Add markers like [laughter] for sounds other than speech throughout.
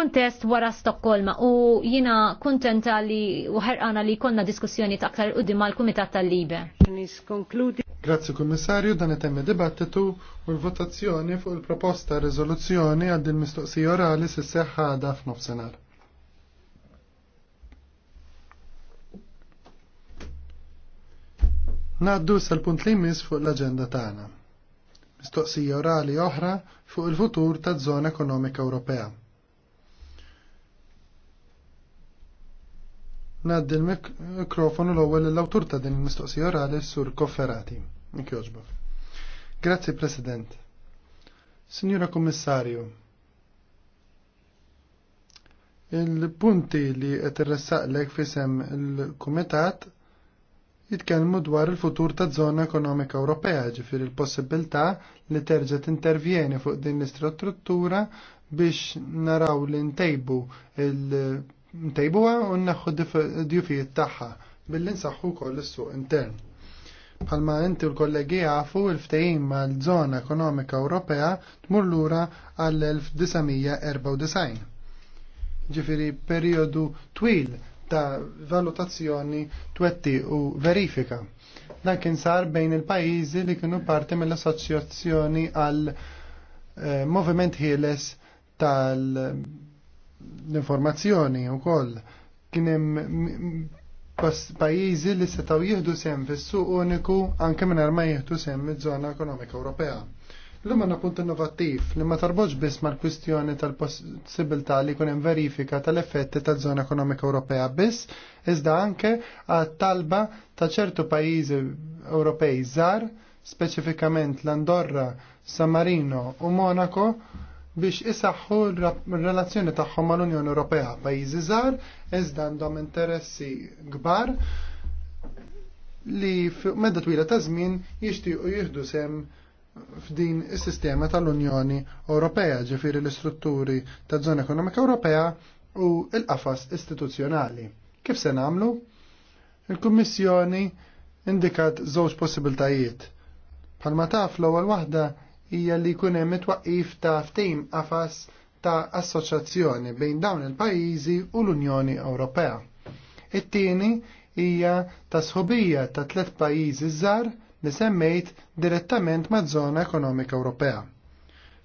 kuntest wara Stokkolma u jina kontenta li u ħerqana li konna diskussjoni ta' aktar u mal kumitat tal-Libe. Grazie Kummissarju, dan itemme dibattitu u l-votazzjoni fuq il-proposta rezoluzzjoni għad il-mistoqsija orali s-seħħa għada f'nofsenar. Naddu sal-punt li jmiss fuq l-agenda tagħna. Mistoqsija orali oħra fuq il-futur ta' zona ekonomika Ewropea. Naddi l-mikrofonu l-ewwel l-awtur ta' din il-mistoqsija orali sur Kofferati. Mikjoġba. Grazzi President. Signora Kommissarju, il-punti li qed irressaqlek fisem il-Kumitat jitkellmu dwar il-futur ta' zona ekonomika Ewropea, ġifir il-possibilità li terġa' tintervjeni fuq din l-istruttura biex naraw li ntejbu il- ntejbuha u naħħu d-djufijiet tagħha billi nsaħħu wkoll is-suq intern. Palma inti u l-kollegi jafu il-ftejim mal żona zona Ekonomika Ewropea tmur lura għall-1994. Ġifiri periodu twil ta' valutazzjoni twetti u verifika. Dan kien sar bejn il-pajjiżi li kienu parti mill-assoċjazzjoni għal eh, moviment ħieles tal- l-informazzjoni wkoll kien hemm pajjiżi li setgħu jieħdu sem fis-suq uniku anke mingħajr ma jieħdu sem miż-żona ekonomika Ewropea. L-imma na punt innovattiv li ma tarboġ biss mal-kwistjoni tal-possibilità li kunem hemm verifika tal-effetti tal-żona ekonomika Ewropea biss, iżda anke għat-talba ta' ċertu pajjiżi Ewropej żgħar, speċifikament l-Andorra, San Marino u Monaco, biex isaħħu r-relazzjoni tagħhom mal-Unjoni Ewropea pajjiżi żgħar iżda għandhom interessi kbar li fuq medda twila ta' żmien jixtiequ jieħdu sem f'din is-sistema tal-Unjoni Ewropea, ġifieri l-istrutturi taż-żona ekonomika Ewropea u l-qafas istituzzjonali. Kif se nagħmlu? Il-Kummissjoni indikat żewġ possibiltajiet. Palma taf l-ewwel waħda hija li jkun hemm it ta' ftehim qafas ta' assoċjazzjoni bejn dawn il-pajjiżi u l-Unjoni Ewropea. It-tieni hija ta' sħubija ta' tliet pajjiżi żgħar li semmejt direttament maż-żona ekonomika Ewropea.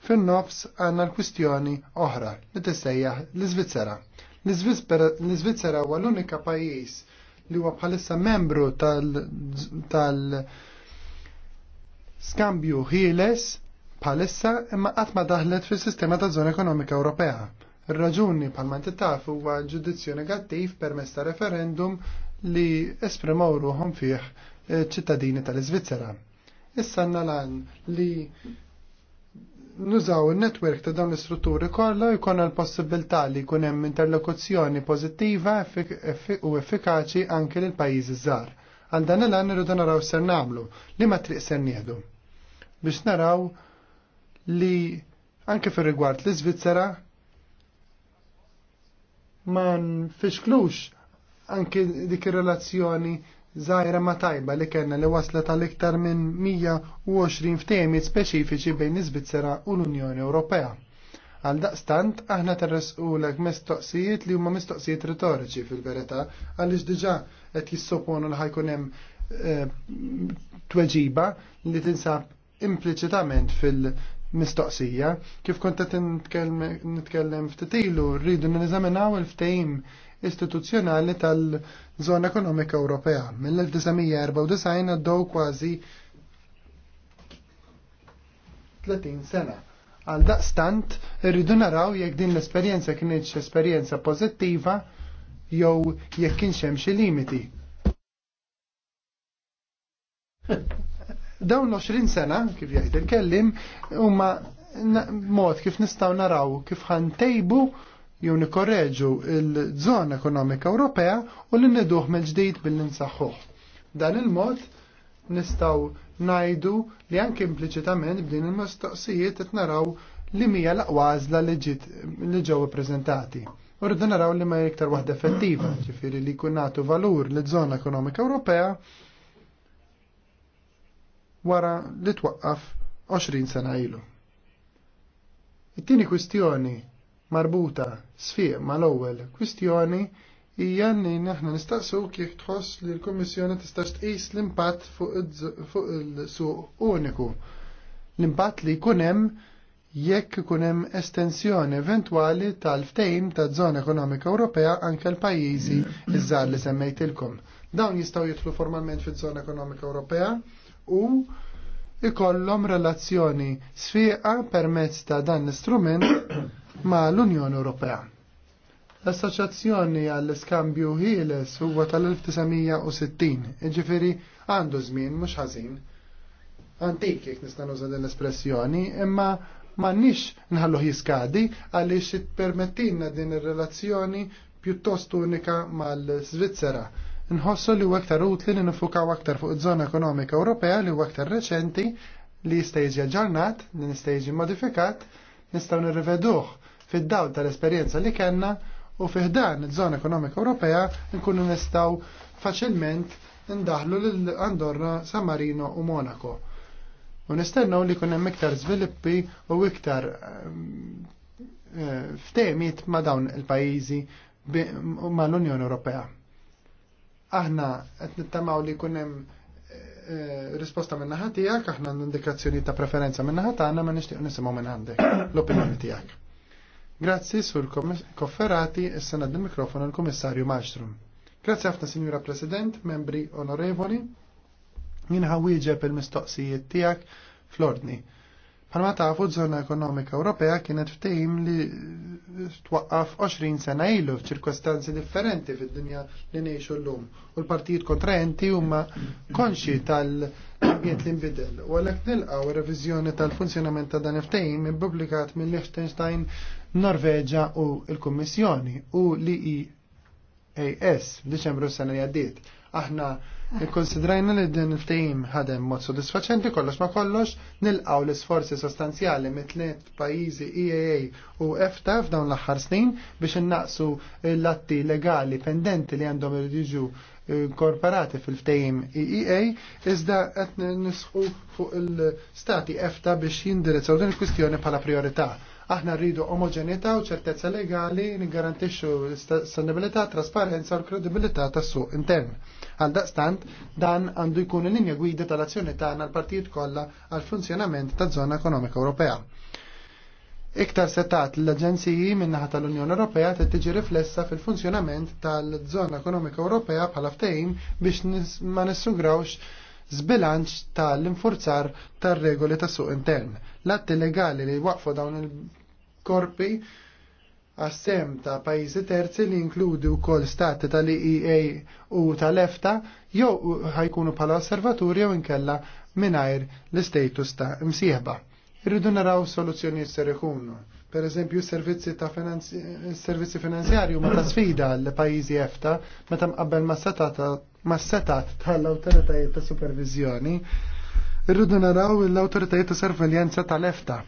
Fin-nofs għandna l-kwistjoni oħra li tissejjaħ l-Iżvizzera. L-Iżvizzera huwa l-unika pajjiż li huwa bħalissa membru tal-skambju tal, tal skambju ħieles bħalissa imma qatt ma daħlet fis-sistema ta' zona ekonomika Ewropea. Ir-raġuni bħalma inti taf huwa ġudizzju negattiv permezz ta' referendum li esprimaw ruhom fih eh, ċittadini tal-Iżvizzera. Issa nalan li nużaw il-network ta' dawn l-istrutturi kollha jkun l-possibilità li jkun hemm interlokuzzjoni pożittiva u effikaċi anke lil pajjiżi żgħar. Għal dan il-għan irridu naraw ser nagħmlu, li ma triq ser nieħdu. Biex naraw li anke fir rigward l-Iżvizzera ma nfixklux anke dik ir-relazzjoni Zaħira ma tajba li kena li wasla tal-iktar minn 120 ftemi speċifiċi bejn iż-Svizzera u l-Unjoni Ewropea. Għal daqstant, aħna terres u l-ek mistoqsijiet li huma mistoqsijiet retoriċi fil verita għaliex diġà qed jissoponu li ħajkun hemm eh, tweġiba li tinsab impliċitament fil- mistoqsija. Kif kont nitkellem ftit ilu rridu niżaminaw il-ftehim istituzzjonali tal-Żona Ekonomika Ewropea. Mill-1994 għaddew kważi 30 sena. Għal daqstant rridu naraw jekk din l-esperjenza kienx esperjenza pożittiva jew jekk kienx hemm xi limiti. Dawn l-20 sena, kif jgħid il-kellim, huma mod kif nistgħu naraw kif ħantejbu jew nikorreġu il-żona ekonomika Ewropea u li niduh mill-ġdid billi nsaħħuh. Dan il-mod nistgħu ngħidu li anke impliċitament b'din il-mistoqsijiet qed naraw li mija laqwazla li ġiet li ġew ippreżentati. Rridu naraw li ma iktar waħda effettiva, ġifieri li jkun nagħtu valur li żona ekonomika Ewropea wara li twaqqaf 20 sena ilu. It-tieni kwistjoni marbuta sfiq mal-ewwel kwistjoni hija li aħna nistaqsu kif tħoss li l-Kummissjoni tistax tqis l-impatt fuq il-suq uniku. L-impatt li jkun hemm jekk ikun hemm estensjoni eventwali tal-ftejm ta' żona ekonomika Ewropea anke l-pajjiżi iż-żgħar li semmejtilkom. Dawn jistgħu jidħlu formalment fiż-żona ekonomika Ewropea u ikollhom relazzjoni sfiqa permezz ta' dan l-istrument [coughs] ma' l-Unjoni Ewropea. L-Assoċjazzjoni għall-Iskambju Ħieles huwa tal-1960, iġifieri għandu żmien mhux ħażin. Antik jekk nista' nuża din l-espressjoni, imma m'għandniex nħalluh jiskadi għaliex permettilna din ir-relazzjoni pjuttost unika mal-Svizzera nħossu li huwa aktar utli li nifukaw aktar fuq iż-żona ekonomika Ewropea li huwa aktar reċenti li jista' jiġi li nista' modifikat, nistgħu nirriveduh fid-dawl tal-esperjenza li kellna u fiħdan iż-żona ekonomika Ewropea nkunu nistgħu faċilment ndaħlu l Andorra, San Marino u Monaco. U nistennu li jkun hemm iktar żviluppi u iktar eh, eh, ftemiet ma' dawn il-pajjiżi mal-Unjoni Ewropea. Aħna qed nittamaw li jkun hemm eh, eh, risposta min-naħa tiegħek, aħna indikazzjoni ta' preferenza naħa tagħna ma nixtieq nisimgħu minn għandek, l-opinjoni tiegħek. Grazzi sur kofferati s-sena d-mikrofon għal kummissarju Maġstrum. Grazzi ħafna Signora President, membri onorevoli, jien ħawieġeb il-mistoqsijiet tiegħek fl-ordni. Palma tafu żona ekonomika Ewropea kienet ftehim li twaqqaf 20 sena ilu f'ċirkostanzi differenti fid-dinja li ngħixu llum. U l-partijiet kontraenti huma konxi tal-ambjent li nbidel. U għalhekk nilqgħu reviżjoni tal-funzjonament ta' dan il-ftehim ippubblikat minn Liechtenstein, Norveġa u l-Kummissjoni u li eas f'Diċembru s-sena li għaddiet. Aħna Ikkonsidrajna li din il-ftehim ħadem mod sodisfaċenti kollox ma kollox nilqaw l-isforzi sostanzjali mit pajizi pajjiżi EAA u EFTA f'dawn l-aħħar snin biex innaqsu l-atti legali pendenti li għandhom irridu inkorporati fil-ftejim EEA, iżda qed nisħu fuq il-stati EFTA biex jindirizzaw din il-kwistjoni bħala priorità. Aħna rridu omogenità u ċertezza legali nigarantixxu sostenibilità, trasparenza u l-kredibilità tas-suq intern. Għal daqstant, dan għandu jkun il-linja gwida tal-azzjoni tagħna l-partijiet kollha għal funzjonament taż-żona ekonomika Ewropea. Iktar setat l-Aġenziji minnaħat tal-Unjoni Ewropea trid tiġi riflessa fil-funzjonament tal-Żona Ekonomika Ewropea bħala ftehim biex ma nissugrawx zbilanċ tal-infurzar tar-regoli tas-suq intern. L-atti legali li waqfu dawn il-korpi għas-sem ta' pajjiżi terzi li inkludi wkoll stati tal-EEA u tal-EFTA jew ħajkunu bħala osservaturi jew inkella mingħajr l-istatus ta' imsieħba. Irridu naraw soluzzjonijiet ser ikunu. Per eżempju, servizzi ta' finanzi, servizzi finanzjarju ma ta' sfida l pajjiżi EFTA meta mqabbel ma' setat tal-awtoritajiet ta' supervizjoni. Irridu naraw l-awtoritajiet ta' sorveljanza tal-EFTA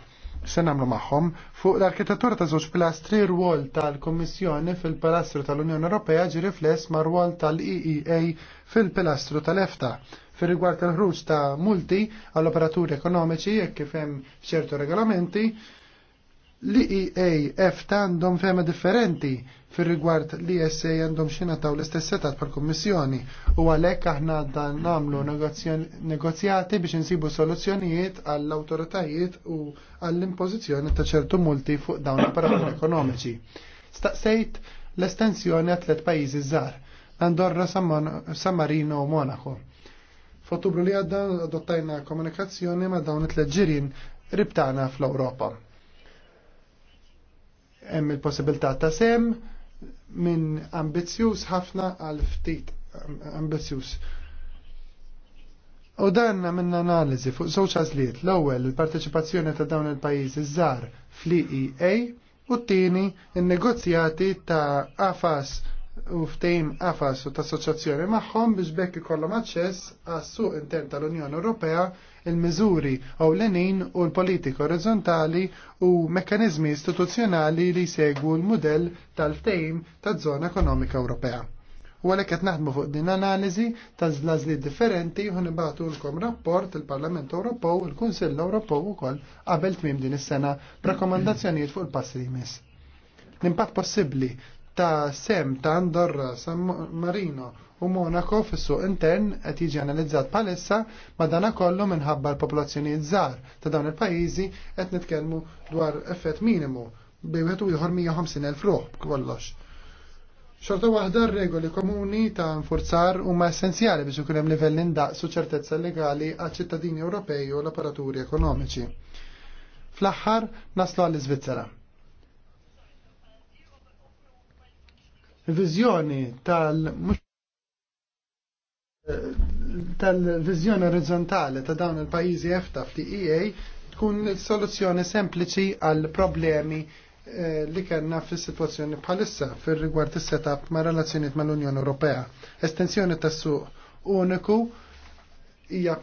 se nagħmlu magħhom fuq l-arkitettura ta' żewġ pilastri rwol tal-Kummissjoni fil-Pilastru tal-Unjoni Ewropea ġi rifless ma' rwol tal-EEA fil-Pilastru tal-EFTA fir rigward tal-ħruġ ta' multi għall-operaturi ekonomiċi jekk kif hemm ċertu regolamenti l iaf e ta' għandhom fema differenti fir rigward li e SA għandhom xina ta' l-istess setat pal kommissjoni u għalek aħna dan namlu negozjati biex nsibu soluzzjonijiet għall-autoritajiet u għall-impożizzjoni ta' ċertu multi fuq dawn l-operatori ekonomiċi. Staqsejt l-estensjoni għat tliet pajjiżi żgħar, Andorra, San Marino u Monaco. F'Ottubru li għadda adottajna komunikazzjoni ma' dawn it-tliet ribtana fl-Ewropa hemm il-possibilità ta' sem minn ambizjuż ħafna għal ftit ambizjuż. U dan minn analiżi fuq żewġ għażliet, l-ewwel il-parteċipazzjoni ta' dawn il-pajjiżi żgħar fl-EEA u t-tieni in-negozjati ta' AFAS u ftejm qafas u tassoċjazzjoni magħhom biex bekk ikollhom aċċess għas-suq intern tal-Unjoni Ewropea il-miżuri għaw l u l-politika orizzontali u mekkaniżmi istituzzjonali li segwu l-mudell tal-ftejm taż-żona ekonomika Ewropea. U għalhekk qed naħdmu fuq din analiżi ta' żlażli differenti u nibagħtu lkom rapport il-Parlament Ewropew, il-Kunsill Ewropew ukoll qabel tmiem din is-sena b'rakkomandazzjonijiet fuq il-passi li jmiss l-impatt possibbli ta' sem ta' Andorra, San Marino u Monaco fis-suq intern qed jiġi analizzat palissa madana kollu minħabba l-popolazzjoni żgħar ta' dawn il-pajjiżi qed nitkellmu dwar effett minimu wieħed u jħor 150,000 ruħ kollox. Xorta waħda regoli komuni ta' nfurzar huma essenzjali biex ikun hemm livell indaqsu ċertezza legali għal ċittadini Ewropej u l-operaturi ekonomiċi. Fl-aħħar naslu għall-Iżvizzera viżjoni tal tal-vizjoni orizzontali ta' dawn il-pajjiżi EFTA f'TEA tkun soluzzjoni sempliċi għal problemi eh, li kellna fis situazzjoni bħalissa fir rigward is-setup ma' relazzjoniet mal-Unjoni Ewropea. Estensjoni tas-suq uniku hija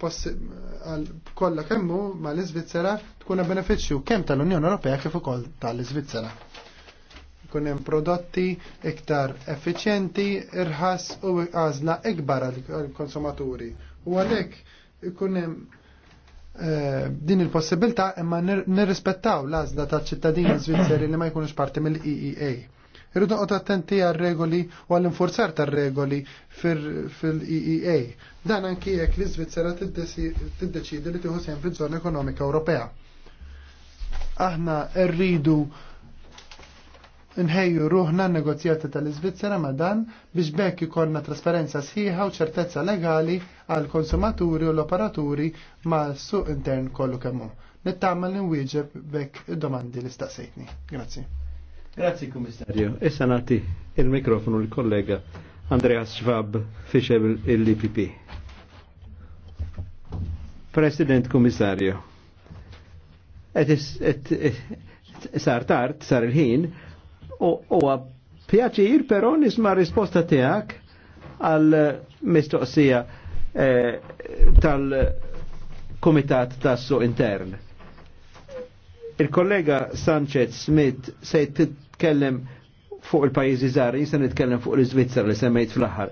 kollha kemmu mal-Iżvizzera tkun beneficju kemm tal-Unjoni Ewropea kif ukoll tal-Iżvizzera kun hemm prodotti iktar effiċjenti, irħas u għażla ikbar għall-konsumaturi. U għalhekk ikun hemm eh, din il-possibilità imma nirrispettaw l-għażla tal ċittadini Zwizzeri li ma jkunux parti mill-EEA. Irrid noqgħod attenti għar-regoli u għall-infurzar tar-regoli fil-EEA. Dan anki jekk li iżvizzera tiddeċidi li tieħu sehem fiż-żona ekonomika Ewropea. Aħna rridu er nħejju ruħna negozjati tal-Iżvizzera ma' dan biex bekk ikonna trasparenza sħiħa u ċertezza legali għal konsumaturi u l-operaturi ma' suq intern kollu kemmu. Nittamal li nwieġeb bekk id-domandi li staqsejtni. Grazzi. Grazzi, Kummissarju. Issa nagħti il-mikrofonu l-kollega Andreas Schwab fixeb l-IPP. President Kummissarju. Et sar tard, sar il-ħin, u pjaċir però nisma risposta tiegħek għal mistoqsija eh, tal-Kumitat tas-Suq Intern. Il-kollega Sanchez Smith se titkellem fuq il-pajjiżi żgħar, jista' nitkellem fuq l-Iżvizzera li semmejt fl-aħħar.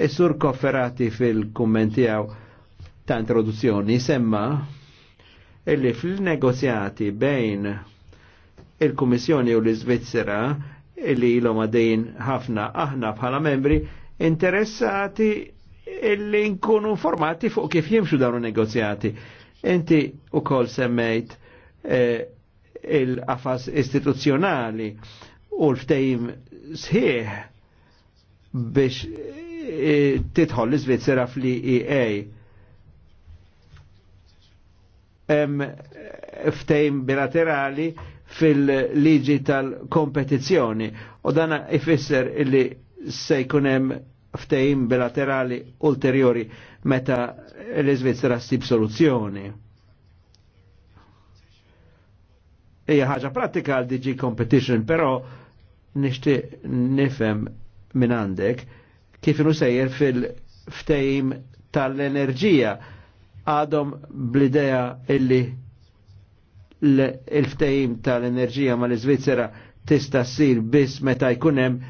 Is-sur Kofferati fil-kumment tiegħu ta' introduzzjoni semma illi fil-negozjati bejn il-Kummissjoni u l-Iżvizzera li ilhom għadejn ħafna aħna bħala membri interessati illi nkunu informati fuq kif jimxu dawn negozjati. Inti u kol semmejt eh, il-qafas istituzzjonali u l-ftejim sħiħ biex eh, titħol l iżvizzera fl-EA. Ftejm bilaterali fil-liġi tal-kompetizzjoni u dana ifisser illi se jkunem ftehim bilaterali ulteriori meta l-Iżvizzera ssib soluzzjoni. Hija ħaġa pratika għal DG Competition, però nixtieq nifhem minn għandek kif inu sejjer fil-ftehim tal-enerġija għadhom bl-idea illi l ftajim tal-enerġija ma l-Svizzera tista' ssir biss meta jkun hemm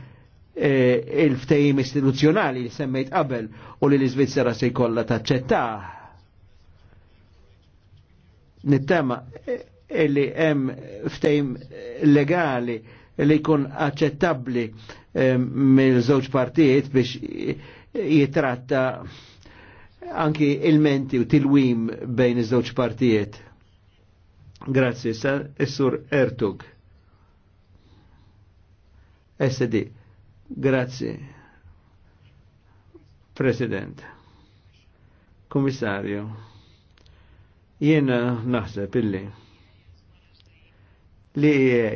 eh, il-ftehim istituzzjonali li semmejt qabel u li l-Svizzera se jkollha taċċettah. Nittama illi eh, hemm ftehim legali li jkun aċċettabbli eh, mill-żewġ partijiet biex jitratta anki il-menti u tilwim bejn iż-żewġ partijiet. Grazzi, sa Essur Ertug. SD. Grazzi. President. Commissario. Jena naħseb illi li e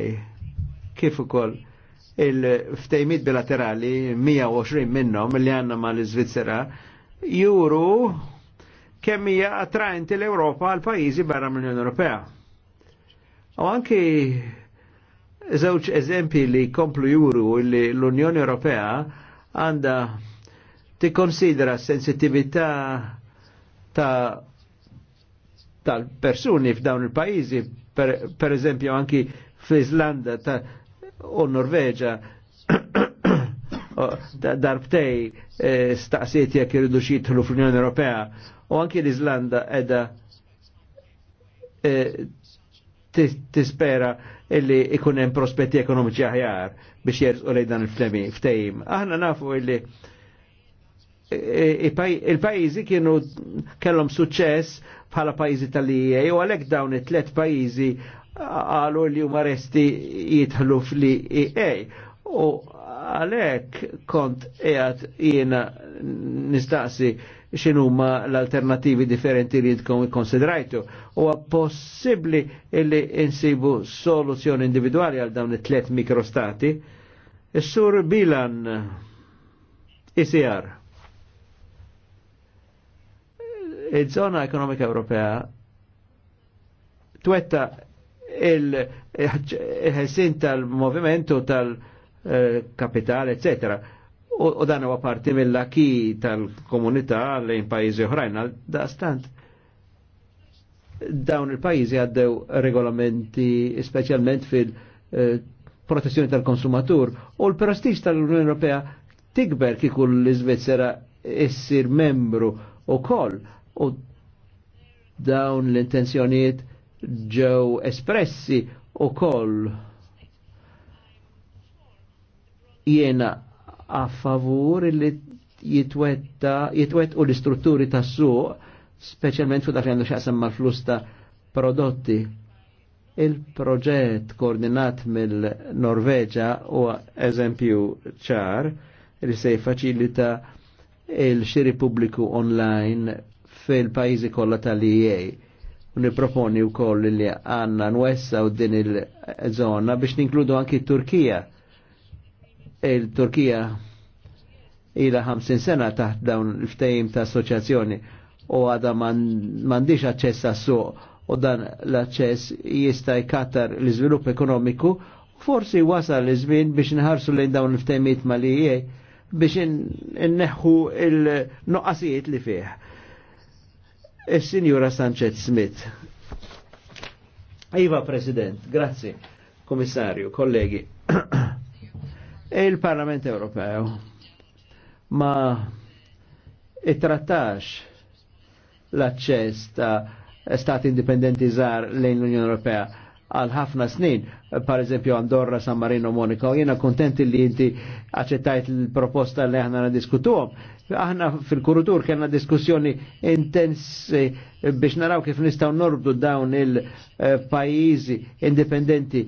kif ukoll il-ftejmit bilaterali 120 minnhom li għandna mal iżvizzera juru kemm hija attraenti l-Ewropa għal pajjiżi barra mill-Unjoni Ewropea U anki zewċ eżempi li komplu juru li l-Unjoni Ewropea għanda ti konsidra sensitivita ta' tal-persuni f'dawn il-pajizi, per, per eżempju anki fl-Islanda u Norveġa, [coughs] darbtej e, staqsiet jek irridu xitħlu fl-Unjoni Ewropea u anki l islanda edha e, tispera illi ikun hemm prospetti ekonomiċi aħjar biex jersqu lej dan il ftejim. Aħna nafu illi il-pajizi kienu kellhom suċċess bħala pajizi tal-IE u għalhekk dawn it-tlet pajizi għalu li huma resti jitħlu fli ie U għalhekk kont qiegħed jiena nistaqsi xinu ma l-alternativi differenti li jidkom konsiderajtu. U possibli illi insibu soluzjoni individuali għal dawn it-tlet mikrostati. Is-sur Bilan ICR. Il-zona ekonomika Ewropea twetta il-ħelsin il ħessin tal tal-kapitale, eh, eccetera u dan huwa parti mill-aki tal-komunità lejn pajjiżi oħrajn għal daqstant. Dawn il-pajjiżi għaddew regolamenti speċjalment fil-protezzjoni eh, tal-konsumatur u l-prestiġ tal-Unjoni Ewropea tikber kieku l-Iżvizzera issir membru u koll u dawn l-intenzjonijiet ġew espressi u koll jena a favur li jitwetta jitwetta u l-istrutturi tas suq specialment fu dak li għandu xaqsam mal-flus ta' prodotti. Il-proġett koordinat mill-Norveġa u eżempju ċar li se faċilita il-xiri pubbliku online fil pajizi kollha tal u Niproponi u koll li għanna nwessa u din il-zona biex ninkludu anki Turkija il-Turkija ila 50 sena taħt dawn il-ftejim ta' assoċjazzjoni u għada mandiġ aċċess għas-suq u dan l-aċċess jista' kattar l-iżvilupp ekonomiku forsi wasal l-żmien biex nħarsu lejn dawn il-ftejmiet malijie biex inneħħu il-noqqasijiet li fih. Il-Sinjura Sanchez Smith. Iva, President, grazzi, Komissarju, kollegi. [clears throat] il-Parlament Ewropew ma it-trattax l acċess ta' stat indipendenti żgħar lejn l-Unjoni Ewropea għal ħafna snin, par eżempju Andorra, San Marino, Monika, u jena kontenti li inti accettajt l-proposta li aħna diskutuhom. Aħna fil-kurutur kena diskussjoni intensi biex naraw kif nistaw norbdu dawn il-pajizi eh, indipendenti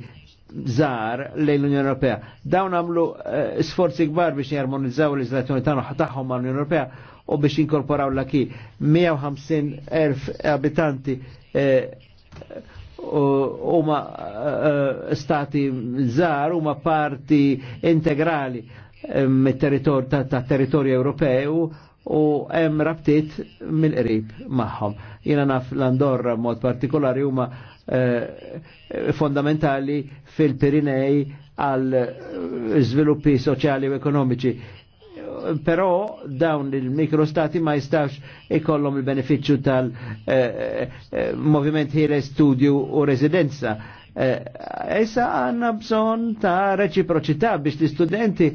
żgħar lejn l-Unjoni Ewropea. Dawn għamlu uh, sforzi kbar biex jarmonizzaw l-iżlazzjoni tagħhom mal-Unjoni Ewropea u biex inkorporaw l-aki 150.000 abitanti eh, huma uh, stati żgħar huma parti integrali mit-territorju ta' territorju Ewropew u hemm rabtiet mill-qrib magħhom. Jiena naf l-Andorra mod partikolari huma eh, fondamentali fil pirinej għal żviluppi eh, soċjali u ekonomiċi. Però dawn il-mikrostati ma jistax ikollhom il-benefiċċju tal-moviment eh, eh, ħieles studju u residenza. Eh, Issa għandna bżonn ta' reċiproċità biex l-istudenti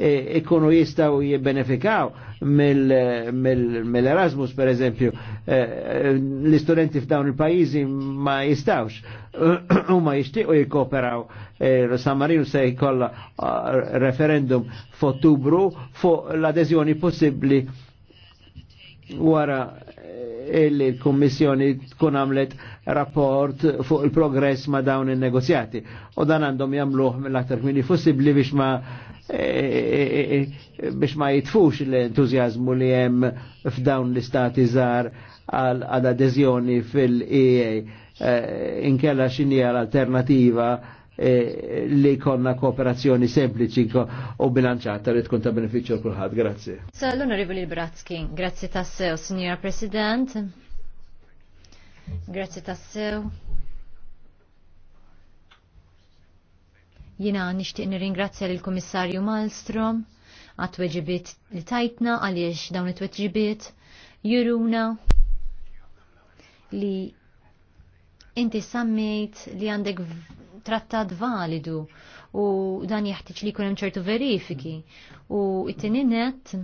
E, ikunu jistaw jibbenefikaw mill-Erasmus per eżempju e, e, l-istudenti f'dawn il-pajizi ma jistawx [clears throat] u ma jishtiqu jikoperaw San Marino se jkolla referendum f'Ottubru fuq l-adezjoni possibbli wara illi l kommissjoni tkun għamlet rapport fuq il-progress ma dawn il-negozjati. U dan għandhom jamluħ mill-aktar kmini possibli biex ma biex ma jitfux l-entuzjazmu li hemm f'dawn l-istati żgħar għal adezjoni fil-EA eh, inkella xinija l-alternativa eh, li konna kooperazzjoni sempliċi u bilanċata li tkun ta' beneficju kulħadd. Grazie. L-Onorevoli Bratski, grazzi tassew, Signora President. Grazie tassew. Jina nishtiq nirringrazzja l komissarju Malmstrom għat weġibiet li tajtna għaliex dawn it-weġibiet juruna li inti sammejt li għandek trattat validu u dan jeħtieġ li jkun hemm ċertu verifiki u it-tininet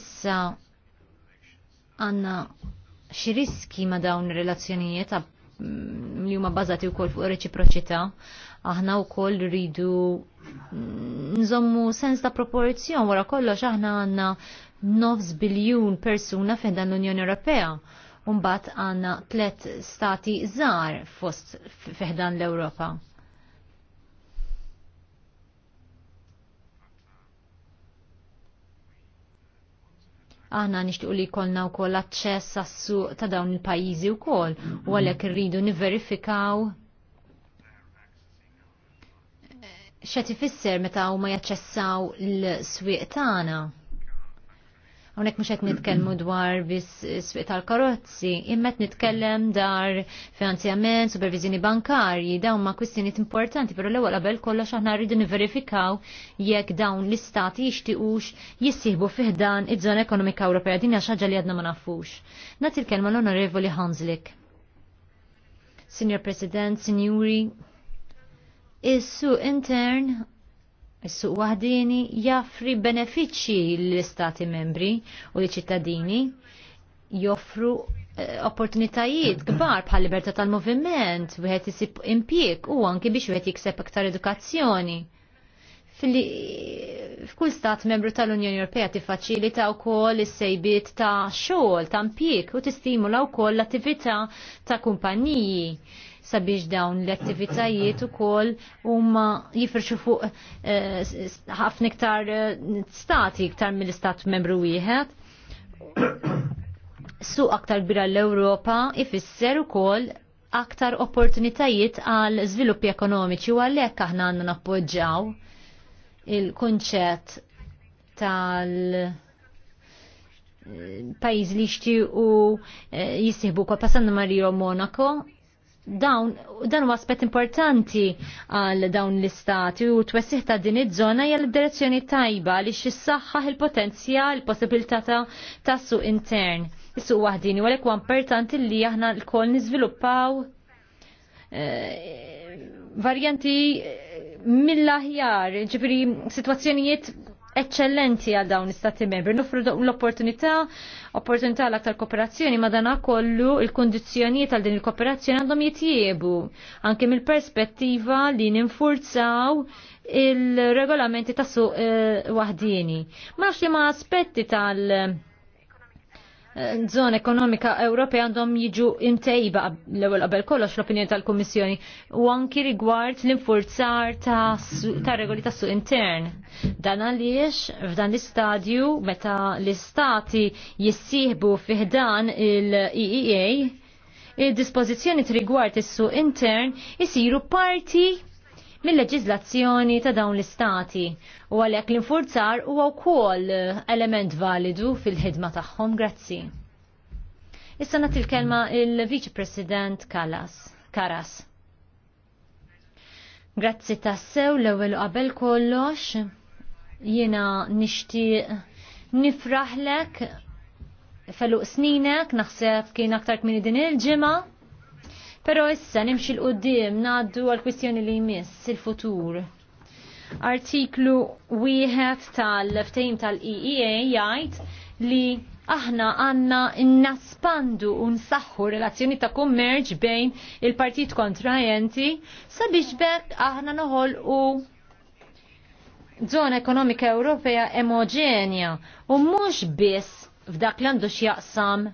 issa għanna xi riski ma dawn ir-relazzjonijiet mm, li huma bbażati wkoll fuq reċiproċità aħna wkoll rridu nżommu sens ta' proporzjon wara kollox aħna għandna 9 biljun persuna fejn dan l-Unjoni Ewropea. Umbat għanna tlet stati żgħar fost fiħdan l-Ewropa. aħna nixtiequ li jkollna wkoll aċċess għas su ta' dawn il-pajjiżi wkoll u għalhekk rridu nivverifikaw xet ifisser meta huma jaċċessaw l-swieq tagħna. Hawnhekk mhux qed nitkellmu dwar bis swieq tal-karozzi, imma qed nitkellem dar finanzjament, supervizjoni bankarji, dawn ma kwistjonijiet importanti, però l-ewwel qabel kollox aħna rridu niverifikaw jekk dawn l-istati jixtiequx jissihbu fih dan iż-żona ekonomika Ewropea din hija xi ħaġa li għadna ma nafux. Nagħti l-kelma l-Onorevoli Hanslik. Signor President, Signori, Is-suq intern Is-suq waħdini jaffri benefiċċji l-istati membri u l-ċittadini joffru eh, opportunitajiet kbar bħal libertà tal-moviment, wieħed isib impjieg u anki biex wieħed jikseb aktar edukazzjoni. F'kull stat membru tal-Unjoni Ewropea tiffaċilita wkoll is-sejbiet ta' xogħol, ta' impjieg u tistimula wkoll l-attività ta' kumpaniji sabiex dawn l-attivitajiet ukoll huma jifrxu fuq eh, ħafna iktar eh, stati iktar mill-istat membru wieħed. Su aktar bira l-Ewropa ifisser ukoll aktar opportunitajiet għal żviluppi ekonomiċi u għalhekk aħna għandna nappoġġaw il-kunċett tal- eh, pajiz li xti u jisibu kwa pasan Mario Monaco dawn dan huwa aspett importanti għal dawn l-istati u twessiħ ta' din iż-żona hija l-direzzjoni tajba li xissaħħaħ il-potenzjal, il-possibilità ta' suq intern. Is-suq waħdini u għalhekk huwa importanti li aħna lkoll niżviluppaw eh, varjanti mill-aħjar, ġifiri situazzjonijiet eccellenti għal dawn istati membri. Nufru l-opportunità, opportunità l aktar kooperazzjoni, ma dan kollu il-kondizjoniet għal din il-kooperazzjoni għandhom jitjiebu. Anke mill-perspettiva li ninfurzaw il-regolamenti ta' suq eh, wahdini. Ma nafx li ma aspetti tal- Zon ekonomika Ewropea għandhom jiġu imtejba l-ewwel qabel kollox l-opinjoni tal-Kummissjoni u anki rigward l-infurzar ta' regoli ta' suq intern. Dan għaliex f'dan l-istadju meta l-istati jissieħbu fiħdan il-EEA il-dispożizzjoni trigward is-suq intern isiru parti mill-leġizlazzjoni ta' dawn l-istati u għalhekk l-infurzar huwa wkoll element validu fil-ħidma tagħhom grazzi. Issa nagħti l-kelma il-Viċi President Kalas. Karas. Grazzi tassew l-ewwel qabel kollox jiena nixtieq nifraħlek feluq sninek naħseb kien aktar minn din il-ġimgħa Pero issa nimxi l-qoddim naddu għal-kwistjoni li jmiss il-futur. Artiklu wieħed tal-ftejm tal-EEA jgħid li aħna għanna naspandu un saħħu relazzjoni ta' kummerġ bejn il-partit kontrajenti sabiex bekk aħna noħol u zona ekonomika Ewropea emoġenja. u mhux biss f'dak li għandu x'jaqsam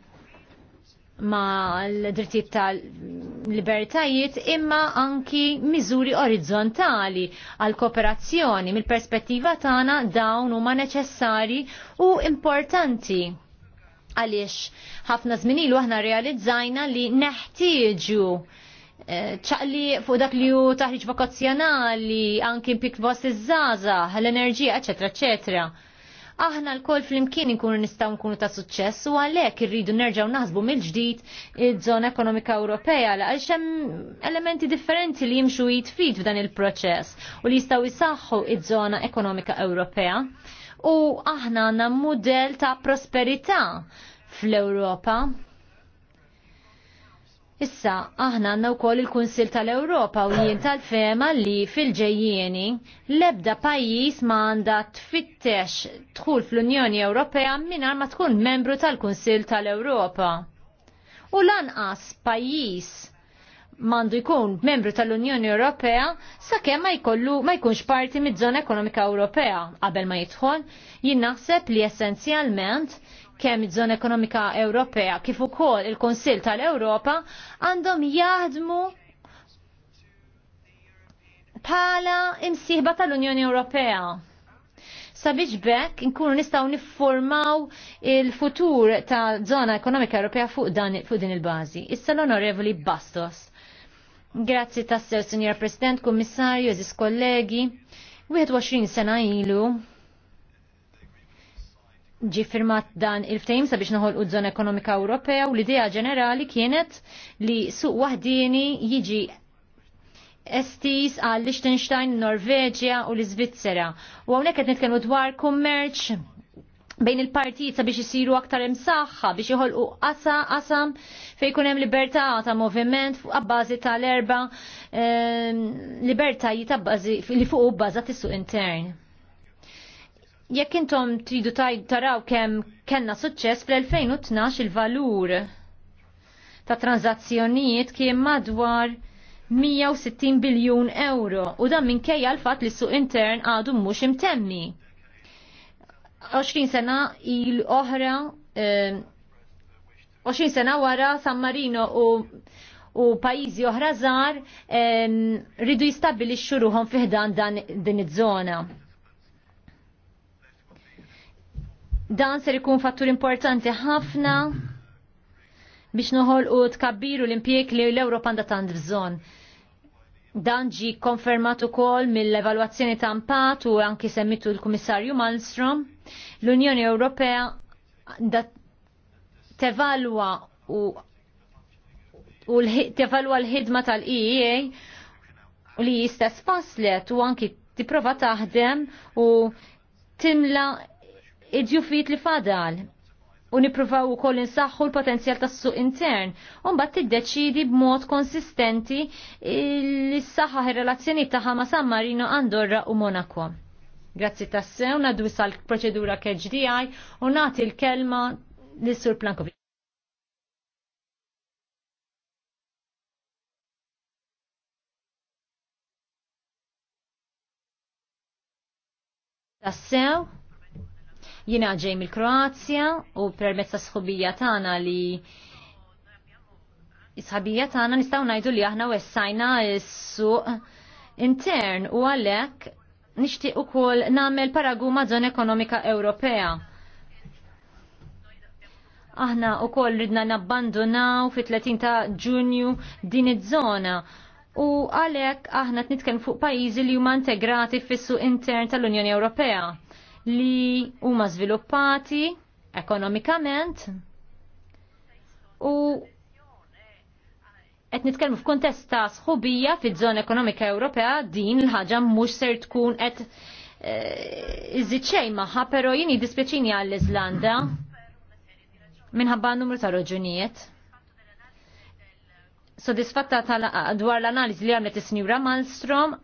ma l-drittijiet tal-libertajiet imma anki miżuri orizzontali għal kooperazzjoni mill-perspettiva tagħna dawn huma neċessari u importanti għaliex ħafna żmien ilu aħna realizzajna li neħtieġu eh, ċaqli fuq dak li hu taħriġ vokazzjonali, anki pik iż-żaza, l-enerġija, eċetera, eċetera aħna l-koll fl-imkien nkunu nistaw nkunu ta' suċċess u għalhekk irridu nerġgħu naħsbu mill-ġdid iż-żona ekonomika Ewropea għaliex hemm elementi differenti li jimxu jitfid f'dan il-proċess u li jistgħu jsaħħu iż-żona ekonomika Ewropea. U aħna għandna mudell ta' prosperità fl-Ewropa Issa, aħna għanna u koll il-Kunsil tal-Europa u jien tal-fema li fil-ġejjieni lebda pajis ma għanda tfittex tħul fl-Unjoni Ewropea minar ma tkun membru tal-Kunsil tal-Europa. U lanqas pajis mandu jkun membru tal-Unjoni Ewropea sakemm ma jkollu ma jkunx parti mid-żona ekonomika Ewropea qabel ma jidħol, jien naħseb li essenzjalment kemm iż-żona ekonomika Ewropea kif ukoll il-Kunsill tal-Ewropa għandhom jaħdmu bħala imsieħba tal-Unjoni Ewropea. Sabiex bekk nkunu nistgħu niffurmaw il-futur ta' żona ekonomika Ewropea fuq dan fuq din il-bażi. Issa l-Onorevoli Bastos. Grazzi tassew, Sinjor President, Kummissarju, eżis kollegi. 21 sena ilu ġi firmat dan il ftajim sabiex noħol u zona ekonomika Ewropea u l-idea ġenerali kienet li suq wahdini jiġi estis għal Liechtenstein, Norveġja u l-Svizzera. U għonek għed nitkellmu dwar kummerċ bejn il-partijiet sabiex isiru aktar imsaħħa biex jħolqu qasa qasam fejn jkun hemm libertà ta' moviment fuq abbażi tal-erba' libertajiet li fuq bbażat is-suq intern. Jekk intom tridu taraw kemm kenna suċċess fl-2012 il-valur ta' tranzazzjonijiet kien madwar 160 biljun euro u dan minkejja l-fatt li suq intern għadu mhux imtemmi. 20 sena il oħra 20 eh, sena wara San Marino u u pajizi oħra żgħar eh, ridu jistabili ruħhom fiħdan dan din iż-żona. Dan ser ikun fattur importanti ħafna biex noħol u tkabbiru l-impjek li l-Europa għandha tant bżonn. Dan ġi konfermat ukoll mill-evalwazzjoni ta' impatt u anki semmitu l-Kummissarju Malmstrom. L-Unjoni Ewropea da tevalwa u u tevalwa l-ħidma tal-EEA u li jistess faslet u anki tipprova taħdem u timla id-ġufit li fadal u nipruvaw u koll insaxħu l-potenzjal tas suq intern, t-deċidi b b'mod konsistenti li s-saħħa relazzjoni taħħa ma' San Marino, Andorra u Monaco. Grazzi tassew, naddu sal proċedura KHDI u nati l-kelma l-Sur Plankovic. Tassew, Jina ġej mill-Kroazja u permezz ta' sħubija tagħna li sħabija tagħna nistgħu ngħidu li aħna wessajna s-suq intern u għalhekk nixtieq ukoll nagħmel paraguma żon ekonomika Ewropea. Aħna ukoll ridna nabbandonaw fit-30 ta' Ġunju din iż-żona u għalhekk aħna tnitkellem fuq pajjiżi li huma integrati fis-suq intern tal-Unjoni Ewropea li huma żviluppati ekonomikament u qed nitkellmu f'kuntest ta' sħubija fiż-żona ekonomika Ewropea din il-ħaġa mhux ser tkun qed eh, iżid xejn magħha, però jien jiddispjaċini għall-Iżlanda minħabba numru ta' raġunijiet. Sodisfatta dwar l-analiżi li għamlet is-Sinjura Malmstrom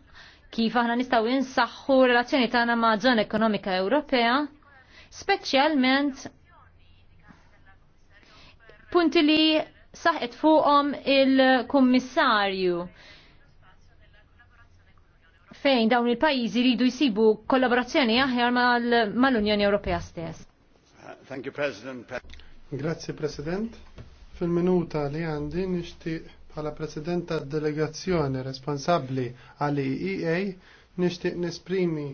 kif aħna nistgħu insaħħu relazzjoni tagħna ma' żona ekonomika Ewropea, speċjalment punti li saħet fuqhom il-kummissarju fejn dawn il-pajjiżi ridu jsibu kollaborazzjoni aħjar mal-Unjoni Ewropea stess. Thank you, President. Grazie, President. Fil-minuta li għandi nixtieq Bħala President tad delegazzjoni responsabbli għal EA nixtieq nesprimi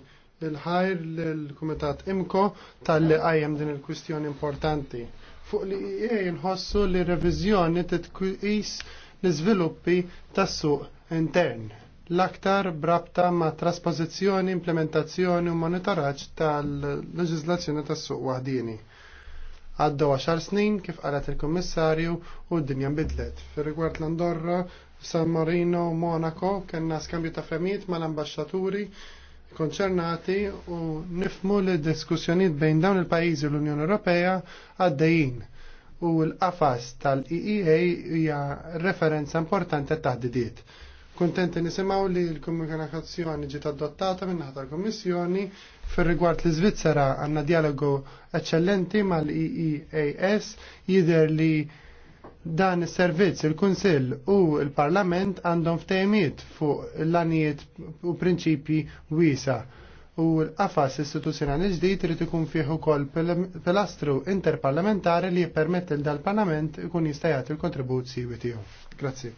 il-ħajr l-Kumitat Imko tal-li għajem din il-kwistjoni importanti. Fuq li EA nħossu li revizjoni titkwis l-iżviluppi tas-suq intern l-aktar brabta ma' traspożizzjoni, implementazzjoni u monitoraġġ tal leġizlazzjoni tas-suq waħdini Għaddu 10 snin kif qalet il-Kummissarju u d-dinja nbidlet. Fir-rigward l-Andorra, San Marino, Monaco, kena skambju ta' fremiet mal-ambasċaturi konċernati u nifmu li diskussjoniet bejn dawn il-pajizi l-Unjoni Ewropea għaddejjin u l-qafas tal-EEA hija referenza importanti taħdidiet. Ta Kontenti nisimaw li l-komunikazzjoni ġiet adottata minn naħa tal-Kommissjoni fir rigward li Svizzera għandna dialogu eccellenti mal-EEAS jidher li dan is-servizz il-Kunsill u l-Parlament għandhom ftejmiet fuq l-anijiet u prinċipji wiesa u l-qafas istituzjonali ġdid irid ikun fih ukoll pilastru interparlamentari li jippermetti l dal-Parlament ikun jista' jagħti l-kontribut siwi tiegħu. Grazzi.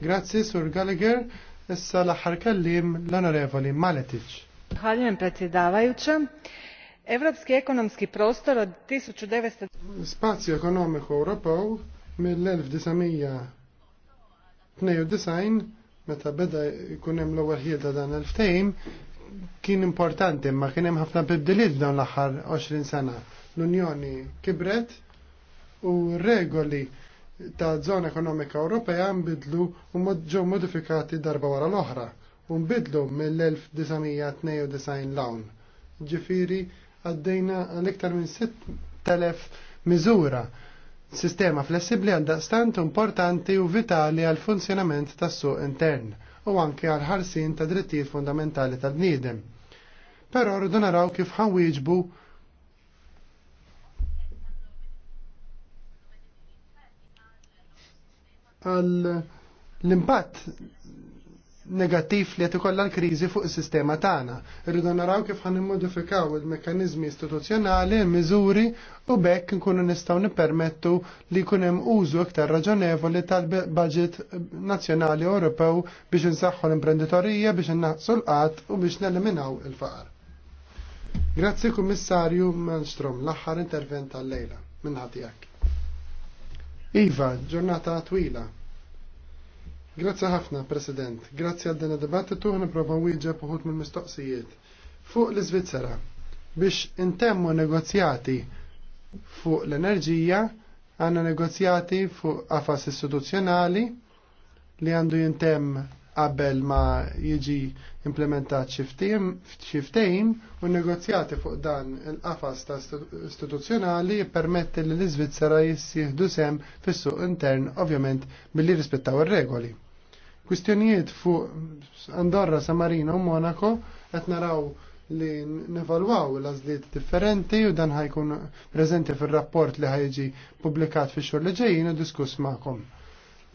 Grazzi, Sur Gallagher. Issa l-aħħar kellim l-Onorevoli Maletic. Zahvaljujem predsjedavajuća. Evropski ekonomski prostor od 1900... Spazio ekonomiku Europew mill-1992 meta beda jkun hemm l-ewwel ħieda dan l-ftehim kien importanti ma kien hemm ħafna bibdiliet dawn l-aħħar 20 sena. L-Unjoni kibret u regoli ta' zona ekonomika Ewropea nbidlu u ġew modifikati darba wara l-oħra u nbidlu mill-1992 lawn. Ġifiri għaddejna l iktar minn 6.000 miżura sistema flessibli għal daqstant importanti u vitali għal funzjonament tas suq intern u anke għal ħarsin ta' drittijiet fundamentali tal-bniedem. Però rridu naraw kif ħanwieġbu għal l-impatt negattiv li qed ikollha l-kriżi fuq is-sistema tagħna. Irridu naraw kif ħan immodifikaw il-mekkaniżmi istituzzjonali, il-miżuri u bekk nkunu nistgħu nippermettu li jkun hemm użu iktar raġonevoli tal-budget nazzjonali Ewropew biex insaħħu l-imprenditorija biex innaqsu l-qatt u biex neliminaw il-faqar. Grazzi Kummissarju Manstrom, l-aħħar intervent tal-lejla minn ħatijak. Iva, ġurnata twila. Grazzi ħafna, President. Grazzi għal din id-dibattitu prova wieġeb uħut mill-mistoqsijiet. Fuq l-Iżvizzera, biex intemmu negozjati fuq l-enerġija, għandna negozjati fuq qafas istituzzjonali li għandu jintem qabel ma jiġi implementat xiftejm u negozjati fuq dan il-qafas ta' istituzzjonali permetti li l izvizzera jissieħdu sem fis-suq intern ovvjament billi rispettaw ir-regoli. Kwistjonijiet fuq Andorra, San Marino u Monaco qed naraw li nevalwaw l-azliet differenti u dan ħajkun preżenti fil-rapport li ħajġi publikat fi xhur li ġejjin u diskuss magħkom.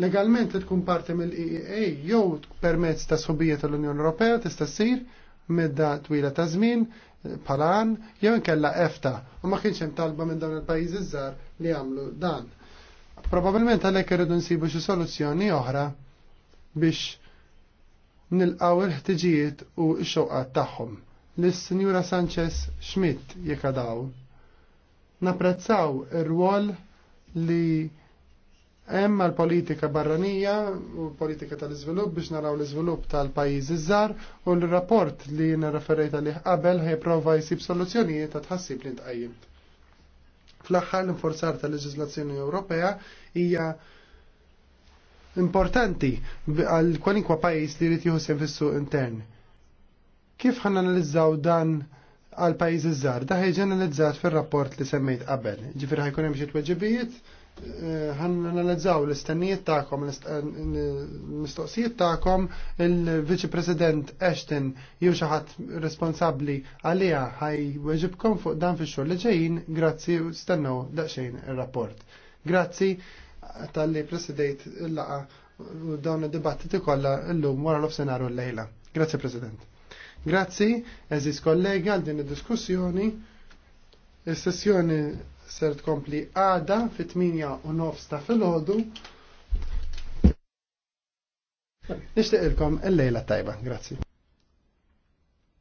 Legalment tkun parti mill-EEA jew permezz ta' subijiet tal-Unjoni Ewropea tista' ssir medda twila ta' żmien palan eh, jew inkella EFTA u ma kienx hemm talba minn dawn il-pajjiżi żgħar li jagħmlu dan. Probabilment għalhekk irridu nsibu xi soluzzjoni oħra biex nilqaw il-ħtiġijiet u x-xoqat tagħhom. Lis-Sinjura Sanchez Schmidt jekk daw. Napprezzaw ir-rwol li Hemm l-politika barranija u politika tal-iżvilupp biex naraw l-iżvilupp tal-pajjiż żar u l-rapport li nirreferejt għalih qabel prova jsib soluzzjonijiet ta' tħassib li ntqajjim. Fl-aħħar l-inforzar tal leġizlazzjoni Ewropea hija importanti għal kwalinkwa pajis li rrit juhusem fissu intern. Kif ħan analizzaw dan għal pajiz iż-żar? Da ħieġ analizzat fil-rapport li semmejt qabel. Ġifir ħajkunem hemm xi tweġibijiet ħan analizzaw l-istennijiet ta'kom, l-mistoqsijiet ta'kom, il-Viċi President Ashton jew xi ħadd responsabbli għaliha ħaj weġibkom fuq dan fix-xogħol li ġejjin, grazzi u stennew daqsxejn ir-rapport. Grazzi tal-li President il-laqa u dawn id-dibattiti kollha llum wara l-ofsenaru l-lejla. Grazzi President. Grazzi, eżis kollega għal din id-diskussjoni. Is-sessjoni ser tkompli għada fit-8 u nofs ta' filgħodu. Nixtieq ilkom il-lejla tajba, grazzi.